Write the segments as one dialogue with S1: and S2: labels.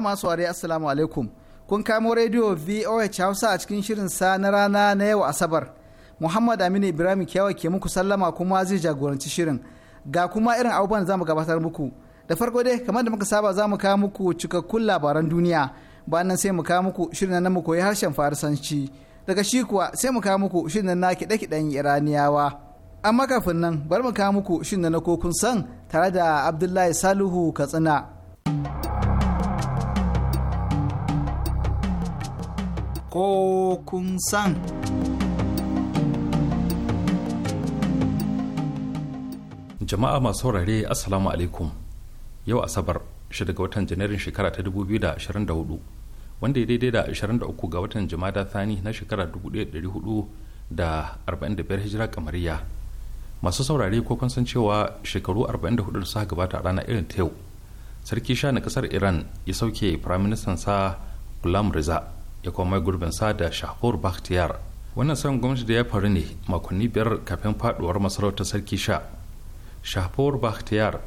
S1: masu saurari assalamu alaikum kun kamo rediyo voh hausa a cikin shirin sa na rana na yau asabar muhammad aminu ibrahim kyawa ke muku sallama kuma zai jagoranci shirin ga kuma irin abubuwan da zamu gabatar muku da farko dai kamar da muka saba za mu kawo muku cikakkun labaran duniya bayan nan sai mu kawo muku shirin na mu koyi harshen farisanci daga shi kuwa sai mu kawo muku shirin na kiɗe-kiɗen iraniyawa amma kafin nan bari mu kawo muku shirin na kokun san tare da abdullahi saluhu katsina ko kun san.
S2: Jama'a masu saurare Assalamu alaikum yau Asabar shi ga watan Janairun shekara ta 2024 wanda ya daidai da 23 ga watan Jumada Thani na shekara 1445 hijira kamariya. Masu saurare ko kun san cewa shekaru 44 da suka gabata a rana irin ta yau. Sarki sha na kasar Iran ya sauke firaministan sa Gulam Reza ya kuma gurbin sa da shahur bakhtiyar wannan sauyin gwamnati da ya faru ne makonni biyar kafin faduwar masarautar sarki sha shahur bakhtiyar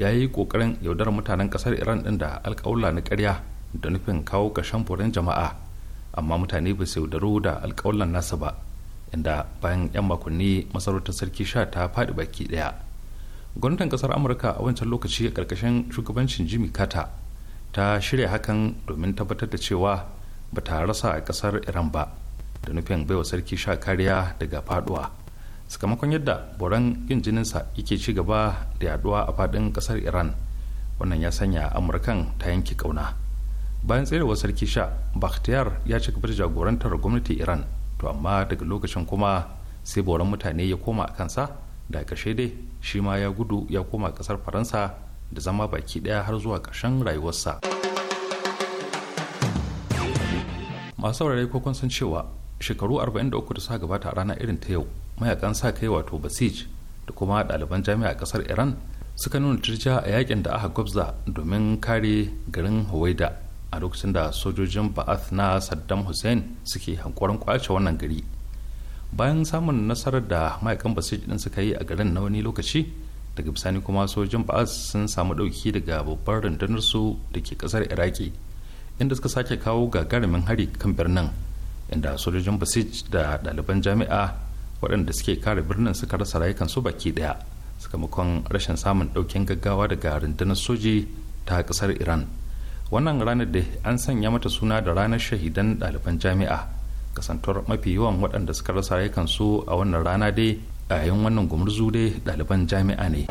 S2: ya yi kokarin yaudar mutanen kasar iran din da alkawla na karya da nufin kawo ƙarshen furen jama'a amma mutane ba su yaudaru da alkawlan nasa ba inda bayan 'yan makonni masarautar sarki sha ta faɗi baki ɗaya gwamnatin kasar amurka a wancan lokaci a ƙarƙashin shugabancin jimmy carter ta shirya hakan domin tabbatar da cewa ba ta rasa a kasar iran ba da nufin baiwa sarki sha kariya daga faduwa sakamakon yadda boran yin jininsa yake ci gaba da yaduwa a fadin kasar iran wannan ya sanya amurkan ta yanke kauna bayan tserewar sarki sha bakhtiyar ya ci gaba da jagorantar gwamnati iran to amma daga lokacin kuma sai boran mutane ya koma a kansa da ƙarshe dai shi ma ya gudu ya koma kasar faransa da zama baki daya har zuwa ƙarshen rayuwarsa. masu saurare ko san cewa shekaru 43 da suka gabata a rana irin ta yau mayakan sa kai wato basij da kuma ɗaliban jami'a ƙasar iran suka nuna turja a yakin da aka gwabza domin kare garin hawaida a lokacin da sojojin ba'ath na saddam hussein suke hankoron kwace wannan gari bayan samun nasarar da mayakan basij din suka yi a garin na wani lokaci daga bisani kuma sojojin ba'ath sun samu ɗauki daga babbar rundunar su da ke kasar iraki inda suka sake kawo gagarumin hari kan birnin inda sojojin basij da ɗaliban jami'a waɗanda suke kare birnin suka rasa rayukan su baki ɗaya sakamakon rashin samun ɗaukin gaggawa daga rundunar soji ta ƙasar iran wannan ranar da an sanya mata suna da ranar shahidan ɗaliban jami'a kasantar mafi yawan waɗanda suka rasa rayukan su a wannan rana dai a yayin wannan gumurzu dai ɗaliban jami'a ne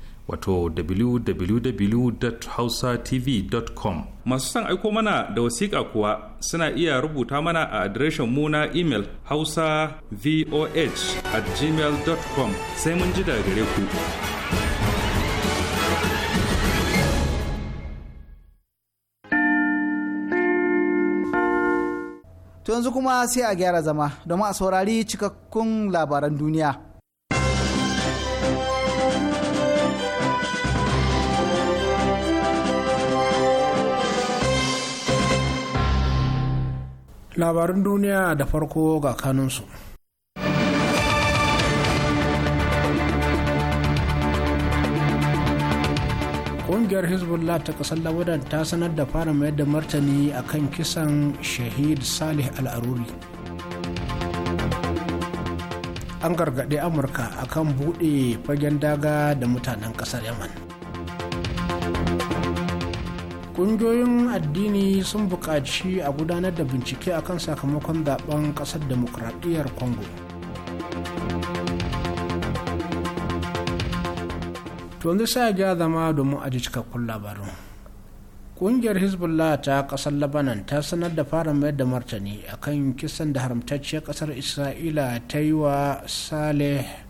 S2: wato www.hausatv.com masu son aiko mana da wasiƙa kuwa suna iya rubuta mana a adireshin mu na imel hausa voh at gmail.com sai mun ji daga gare ku
S1: to yanzu kuma sai a gyara zama domin a saurari cikakkun labaran duniya
S3: labarin duniya da farko ga kanunsu ƙungiyar hezbollah ta ƙasar labaran ta sanar da fara mayar da martani a kan kisan shahid salih al'aruri an gargaɗi amurka a kan buɗe fagen daga da mutanen ƙasar yaman ƙungiyoyin addini sun buƙaci a gudanar da bincike a kan sakamakon zaɓen ƙasar demokuraɗiyyar congo yanzu sa ya zama domin ji cikakkun labarin ƙungiyar hezbollah ta ƙasar labanan ta sanar da fara mayar da martani akan kisan da haramtacciyar ƙasar isra'ila ta yi wa saleh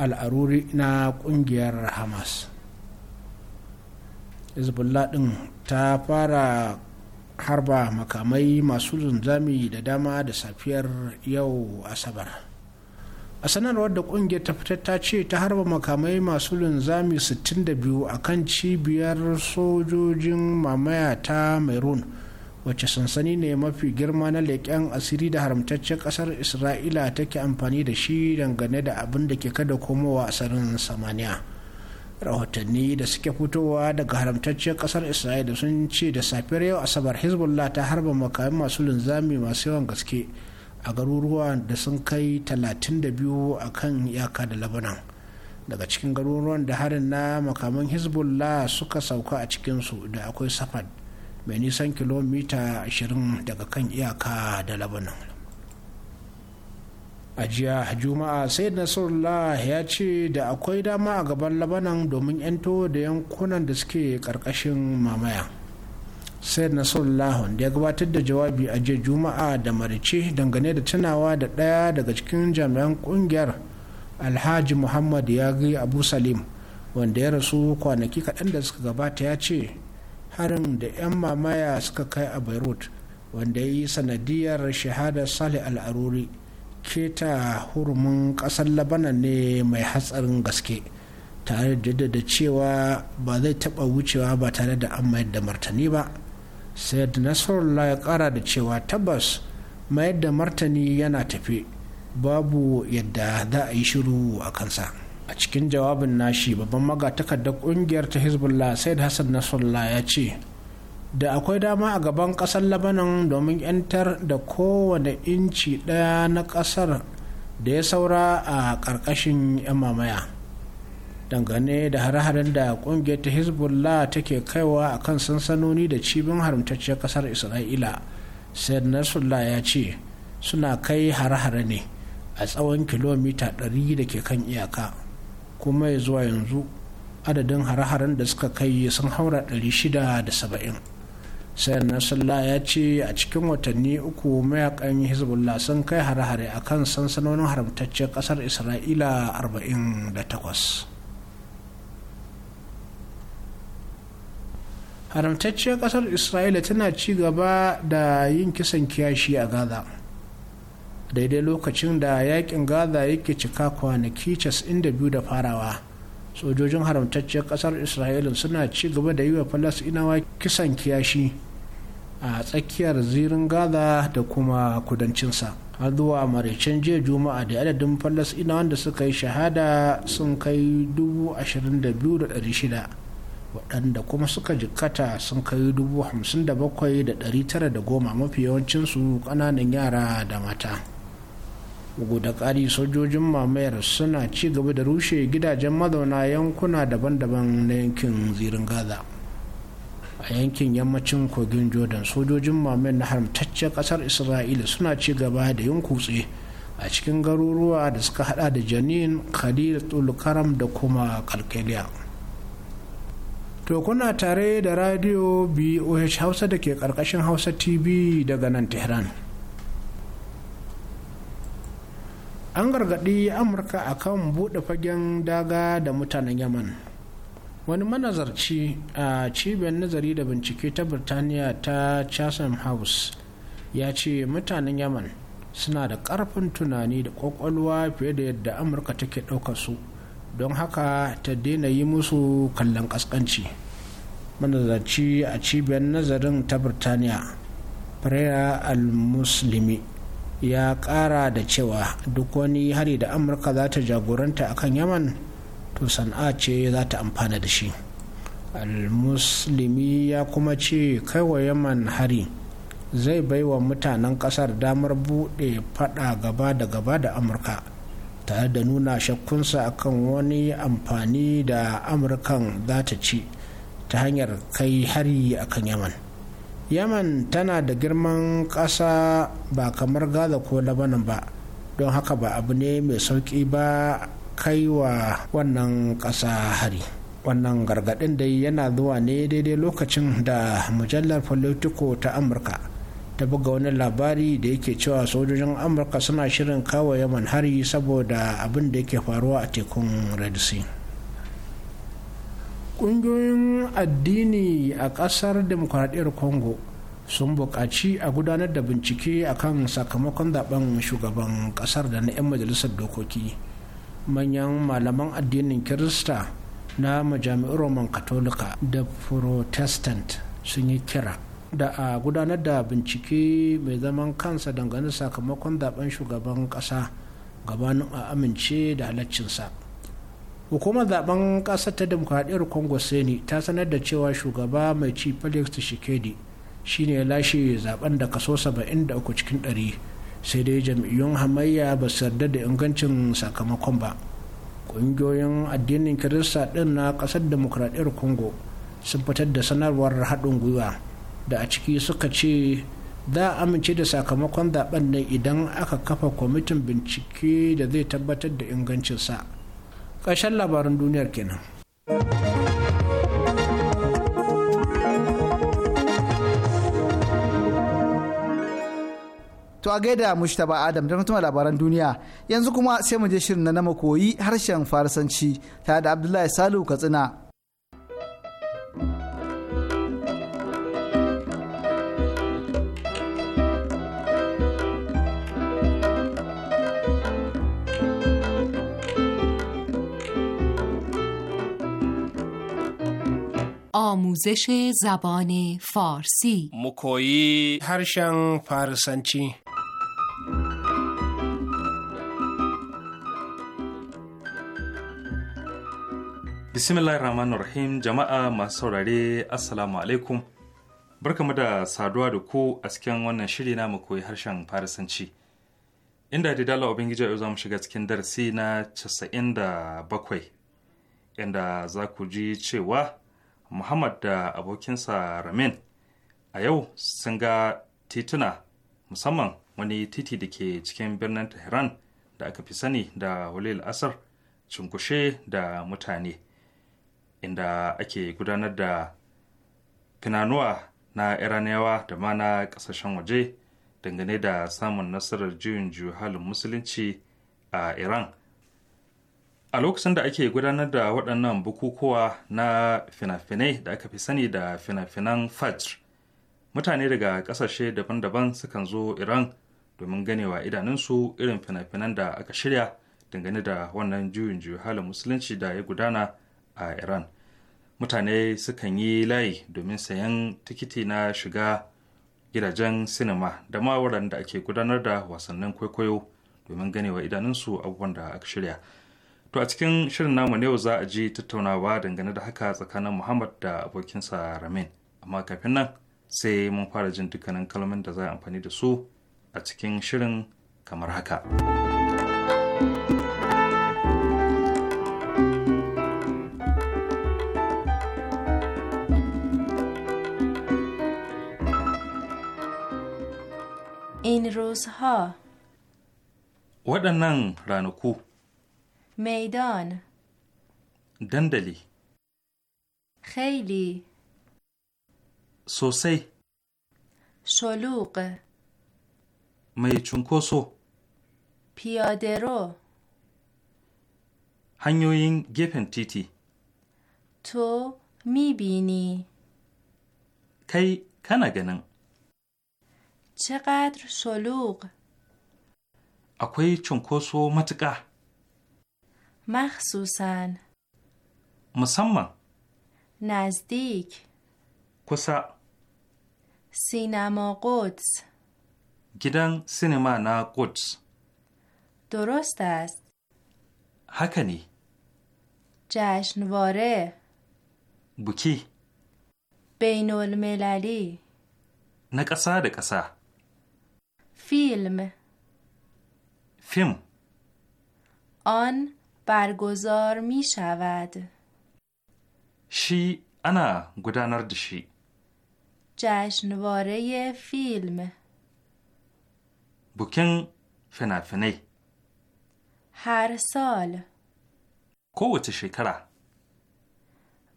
S3: al'aruri na ƙungiyar hamas hezbollah din ta fara harba makamai masu linzami da dama da safiyar yau asabar a sanarwar da kungiyar ta fitar ta ce ta harba makamai masu linzami 62 a kan cibiyar sojojin mamaya ta mairun wacce sansani ne mafi girma na leƙen asiri da haramtaccen ƙasar isra'ila take amfani da shi dangane da abin da ke kada komowa a sararin samaniya rahotanni da suke fitowa daga haramtacciyar kasar isra'ila sun ce da safiyar yau asabar hezbollah ta harba makamai masu linzami masu yawan gaske a garuruwa da sun kai 32 a kan iyaka da labanan daga cikin garuruwan da harin na makaman hezbollah suka sauka a cikinsu da akwai safad mai nisan kilomita 20 daga kan iyaka da labanan a jiya juma'a sai nasrullah ya ce da akwai dama a gaban labanan domin 'yanto da yankunan da suke karkashin mamaya sai nasrullah wanda ya gabatar da jawabi a jiya juma'a da marice dangane da tunawa da ɗaya daga cikin jami'an kungiyar alhaji muhammad yagi abu salim wanda ya rasu kwanaki kaɗan da suka gabata ya ce harin da 'yan mamaya suka kai a beirut wanda ya yi sanadiyar shahadar salih al'aruri keta hurumin kasar labanan ne mai hatsarin gaske tare da da cewa ba zai taba wucewa ba tare da an mayar da martani ba sai da nasarullah ya kara da cewa tabbas mayar da martani yana tafi babu yadda za a yi shiru a kansa a cikin jawabin nashi babban magatakardar kungiyar ta hezbollah said hassan nasrallah ya ce da akwai dama a gaban ƙasar labanan domin 'yantar da kowane inci ɗaya na ƙasar da ya saura a ƙarƙashin 'yan mamaya dangane da hare-haren da ƙungiyar ta hezbollah take kaiwa a kan sansanoni da cibin haramtacciyar ƙasar isra'ila said nasrullah ya ce suna kai hare-hare ne a tsawon kilomita 100 da ke kan iyaka kuma ya zuwa yanzu adadin hare-haren da suka kai sun haura 670 sayan nasalla ya ce a cikin watanni uku mayakan hezbollah sun kai hare-hare a kan sansanonin haramtaccen kasar isra'ila 48 haramtacciyar kasar isra'ila tana ci gaba da yin kisan kiyashi a gaza daidai lokacin da yakin gaza yake cika kwanaki 92 da farawa sojojin haramtacciyar kasar isra'ila suna ci gaba da yi wa falasinawa kisan kiyashi a tsakiyar zirin gaza da kuma kudancinsa har zuwa maraicen jiya juma'a da adadin falasinawan da suka yi shahada sun kai 22,600 waɗanda kuma suka jikkata sun kai da goma mafi yawancinsu ƙananan yara da mata bugu da ƙari sojojin mamayar suna ci gaba da rushe gidajen mazauna yankuna daban-daban na yankin zirin gaza a yankin yammacin kogin jordan sojojin mamayar na haramtaccen ƙasar isra'ila suna ci gaba da yin kutse a cikin garuruwa da suka hada da janin khalil karam da kuma kalkaliya to kuna tare da radio boh hausa da ke karkashin hausa tv daga nan tehran an gargaɗi amurka a kan buɗe fagen daga da mutanen yaman wani manazarci a cibiyar nazari da bincike ta birtaniya ta chatham house ya ce mutanen yaman suna da ƙarfin tunani da ƙwaƙwalwa fiye da yadda amurka take ɗaukar su don haka ta daina yi musu kallon ƙasƙanci manazarci a cibiyar nazarin ta birtaniya prayer al-muslimi ya ƙara da cewa duk wani hari da amurka za ta jagoranta akan yaman to sana'a ce za ta amfana da shi almuslimi ya kuma ce kaiwa yaman hari zai bai wa mutanen kasar damar buɗe fada gaba da gaba da amurka tare da nuna shakkunsa akan wani amfani da amurkan za ta ci ta hanyar kai hari akan yaman yaman tana da girman ƙasa ba kamar gaza ko labanan ba don haka ba abu ne mai sauƙi ba kai wa wannan ƙasa hari wannan gargaɗin dai yana zuwa ne daidai lokacin da mujallar politico ta amurka ta buga wani labari da yake cewa sojojin amurka suna shirin kawo yaman hari saboda abin da yake faruwa a tekun red sea ƙungiyoyin addini a ƙasar demokuraɗiyar congo sun buƙaci a gudanar da bincike a kan sakamakon zaben shugaban ƙasar da na 'yan majalisar dokoki manyan malaman addinin kirista na majami'ar roman katolika da protestant sun yi kira da a gudanar da bincike mai zaman kansa dangane sakamakon zaben shugaban ƙasa gabanin a amince da halaccinsa. hukumar zaben ƙasar ta demokradiyyar congo seni ta sanar da cewa shugaba mai ci felix tshisekedi shine ya lashe zaben da kaso 73 cikin 100 sai dai jam'iyyun hamayya ba su yarda da ingancin sakamakon ba ƙungiyoyin addinin kirista ɗin na ƙasar demokradiyyar congo sun fitar da sanarwar haɗin gwiwa da a ciki suka ce za a amince da sakamakon zaben nan idan aka kafa kwamitin bincike da zai tabbatar da ingancinsa ƙarshen labarin duniyar kenan.
S1: To a gaida Mushtaba Adam da mutum labaran duniya yanzu kuma sai mu je shirin na na makoyi harshen Farisanci tare da Abdullahi Salu Katsina.
S4: آموزش زبان فارسی
S3: مکویی هرشن فارسنچی
S2: bismillahir rahmanir rahim jama'a masu saurare assalamu alaikum barkamu da saduwa da ku a cikin wannan shiri na mu koyi harshen farisanci inda da dala ubangiji yau za mu shiga cikin darasi na 97 inda za ku ji cewa muhammad da abokinsa ramin a yau sun ga tituna musamman wani titi da ke cikin birnin tehran da aka fi sani da walil asar cunkushe da mutane inda ake gudanar da finanuwa na iraniyawa da ma na kasashen waje dangane da samun nasarar juyin juhalin musulunci a iran a lokacin da ake gudanar da waɗannan bukukuwa na fina-finai da aka fi sani da fina-finan fajr mutane daga ƙasashe daban-daban sukan zo iran domin ganewa idanunsu irin fina-finan da aka shirya dangane da wannan juyin juyi halin musulunci da ya gudana a iran mutane sukan yi layi domin sayan tikiti na shiga gidajen sinima da ma waɗanda ake gudanar da wasannin kwaikwayo domin ganewa idanunsu abubuwan da aka shirya To a cikin shirin namu na yau za a ji tattaunawa dangane da haka tsakanin Muhammad da abokinsa Ramin. Amma kafin nan sai mun fara jin dukkanin kalmomin da za a amfani da su a cikin shirin kamar haka.
S4: in Rose روزها
S2: waɗannan ranaku
S4: Maidan. Dandali. خیلی Sosai. شلوغ
S2: mai cunkoso
S4: piyadero
S2: hanyoyin gefen titi
S4: to mibini
S2: kai kana ganin
S4: چقدر شلوغ
S2: akwai cunkoso matuƙa
S4: مخصوصا مسمم نزدیک کسا سینما قدس
S2: گیدن سینما نا قدس
S4: درست است هکنی جشنواره بکی بین المللی
S2: نکسا دکسا
S4: فیلم فیلم آن برگزار می شود
S2: شی انا گدانر شی.
S4: جشنواره فیلم
S2: بوکن فنافنی
S4: هر سال
S2: کووچه شکرا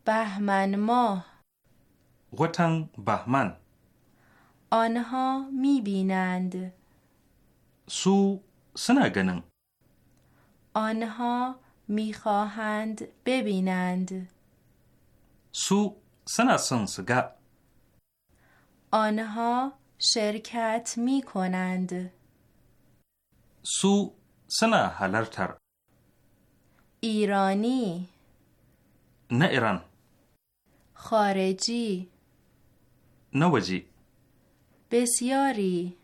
S4: بهمن ماه
S2: غتن بهمن
S4: آنها می بینند
S2: سو سنگنن
S4: آنها میخواهند ببینند
S2: سو سنا سنسگا
S4: آنها شرکت می کنند
S2: سو سنا هلرتر
S4: ایرانی نه ایران خارجی نوجی بسیاری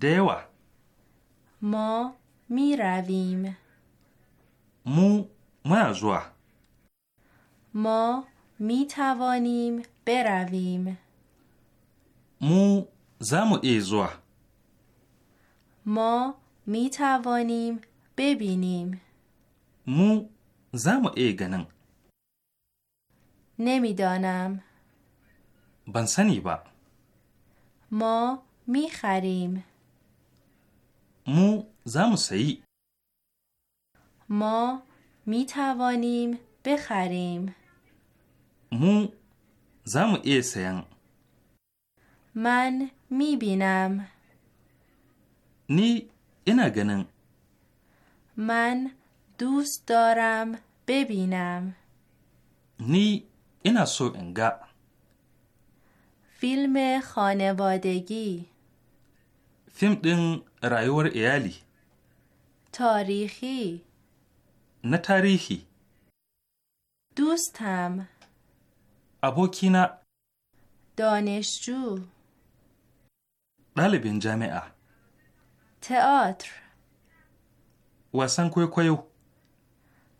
S4: دیوه ما می رویم
S2: مو مازوا
S4: ما می توانیم برویم
S2: مو زمو ایزوا
S4: ما می توانیم ببینیم
S2: مو زمو ایگنن
S4: نمیدانم
S2: بنسنی با
S4: ما می خریم
S2: مو زمو سی
S4: ما می توانیم بخریم
S2: مو زم ای
S4: من می بینم
S2: نی اینا گنن
S4: من دوست دارم ببینم
S2: نی اینا سو انگا
S4: فیلم خانوادگی
S2: فیلم دن رایور ایالی
S4: تاریخی
S2: نه تاریخی
S4: دوستم
S2: ابوکینا
S4: دانشجو
S2: ɗalibin jami'a
S4: تئاتر
S2: wasan kwaikwayo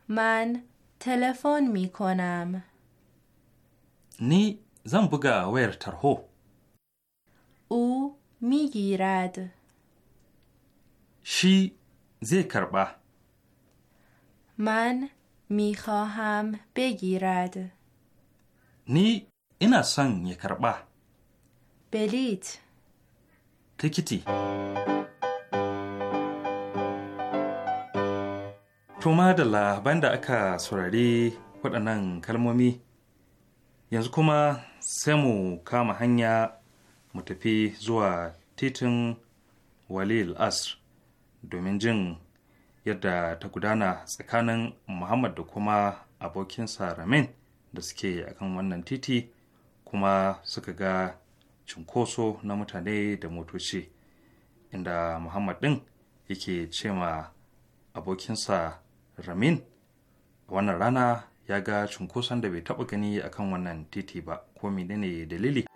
S4: من تلفن می کنم
S2: نی زن بگا ویر ترهو
S4: او میگیرد
S2: شی زی کربه
S4: من mihoham بگیرد
S2: نی اینا سن یا کربا
S4: بلیت
S2: تکیتی To da bayan da aka saurari waɗannan kalmomi yanzu kuma sai mu kama hanya mu tafi zuwa titin walil asr domin jin yadda ta gudana tsakanin muhammad da kuma abokinsa ramin da suke akan wannan titi kuma suka ga cunkoso na mutane da motoci inda muhammad ɗin yake ce ma abokinsa ramin wannan rana ya ga cunkoson da bai taɓa gani akan wannan titi ba ko menene dalili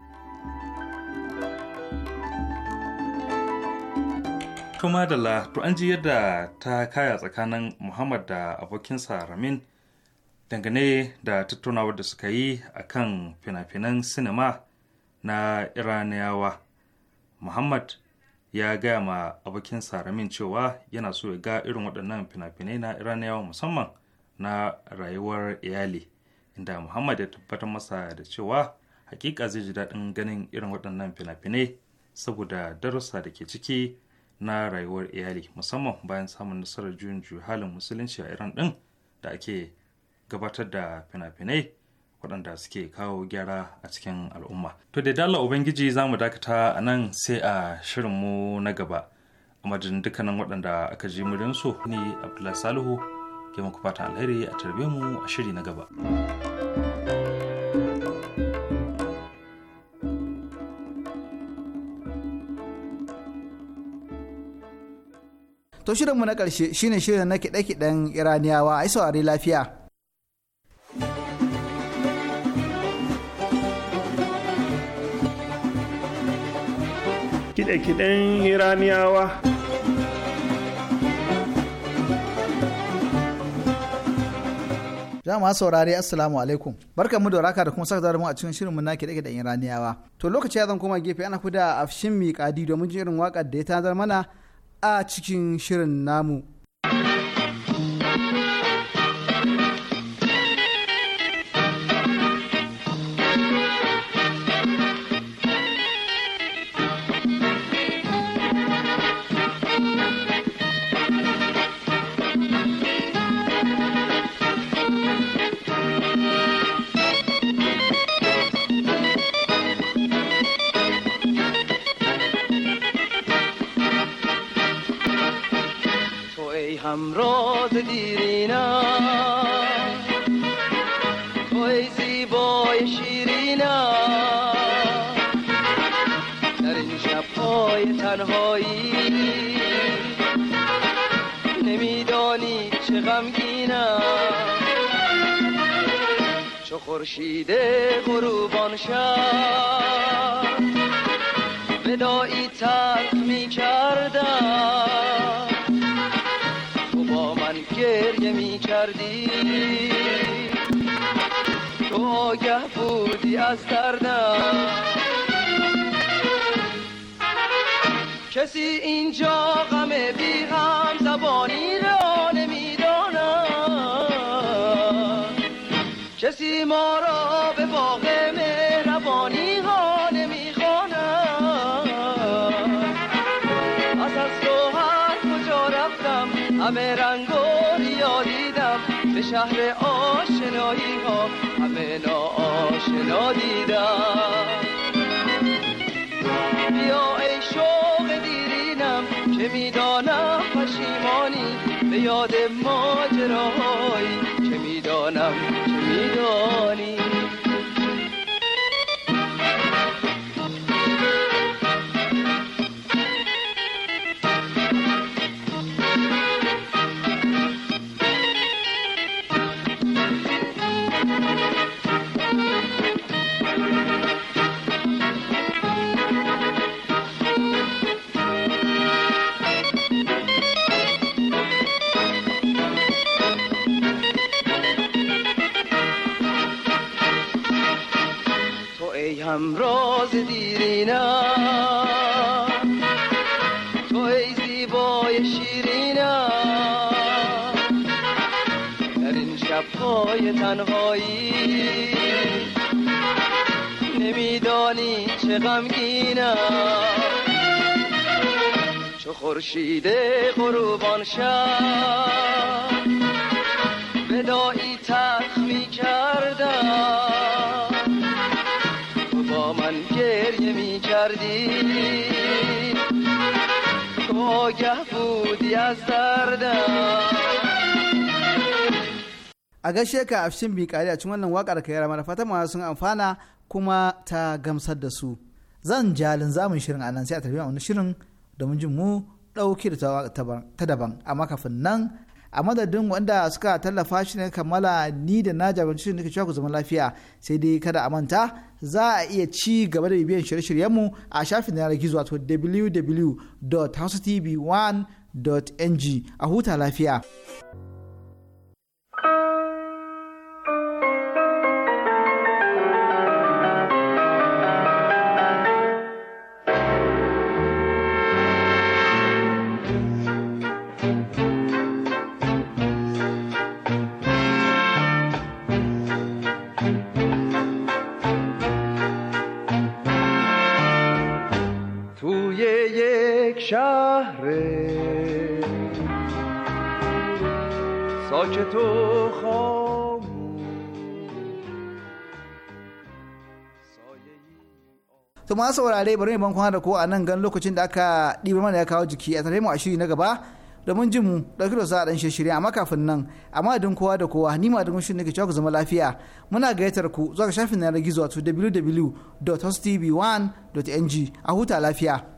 S2: Tuma da la to an ji yadda ta kaya tsakanin Muhammad da abokinsa Ramin dangane da tattaunawar da suka yi a kan fina-finan sinima na Iraniyawa. Muhammad ya gaya ma abokinsa Ramin cewa yana so ya ga irin waɗannan fina-finai na Iraniyawa musamman na rayuwar iyali, inda Muhammad ya tabbatar masa da cewa hakika zai ji daɗin ganin irin waɗannan fina-finai saboda darussa da ke ciki. na rayuwar iyali musamman bayan samun nasarar juyin halin musulunci a iran din da ake gabatar da fina-finai waɗanda suke kawo gyara a cikin al'umma to da dala ubangiji za mu dakata a nan sai a shirin mu na gaba a madadin dukkanin waɗanda aka ji su ne abdullahi salihu ke muku fatan alheri a tarbe mu a shiri na gaba.
S1: To shirinmu na ƙarshe shine shirin na kiɗe-kiɗen Iraniyawa a saurari lafiya. Kiɗe-kiɗen Iraniyawa jama'a saurari assalamu alaikum barka mu da raka da kuma saka mu a cikin shirinmu na kiɗe kiɗen iraniyawa to lokaci ya zan koma gefe ana kuda a fushin miƙadi domin jirin waƙar da ya tazar mana a cikin shirin namu.
S5: خورشید غروبان شب ودایی ترک می کردم تو با من گریه می کردی تو آگه بودی از دردم کسی اینجا غم بی ما را به باغ مهربانی ها نمیخوانم از از سوهر کجا رفتم همه رنگ و دیدم به شهر آشنایی ها همه ناآشنا دیدم بیا ای شوق دیرینم که میدانم پشیمانی به یاد ماجراها تنهایی نمیدانی چه غمگینم چو خورشید قروبان شب ودایی تخ می کردم تو با من گریه می کردی آگه بودی از دردم
S1: a gaishe ka a cikin bikari a cikin wannan wakar ka yara fata ma sun amfana kuma ta gamsar da su zan jalin zamun shirin a nan sai a tafi wani shirin domin jin mu ɗauki da ta daban amma kafin nan a madadin wanda suka tallafa shi ne kammala ni da na jagoranci shirin nake cewa ku zama lafiya sai dai kada a manta za a iya ci gaba da bibiyan shirye-shiryenmu a shafin na yanar gizo wato www.housetv1.ng a huta lafiya. to ma saurare bari mu bankon da ko a nan gan lokacin da aka ɗibar mana ya kawo jiki a tare mu a shiri na gaba domin jin mu ɗauki da a ɗan shirye amma kafin nan amma don kowa da kowa ni ma da gunshin nake cewa ku zama lafiya muna gayyatar ku zuwa ga shafin na gizo wato www.hostv1.ng a huta lafiya.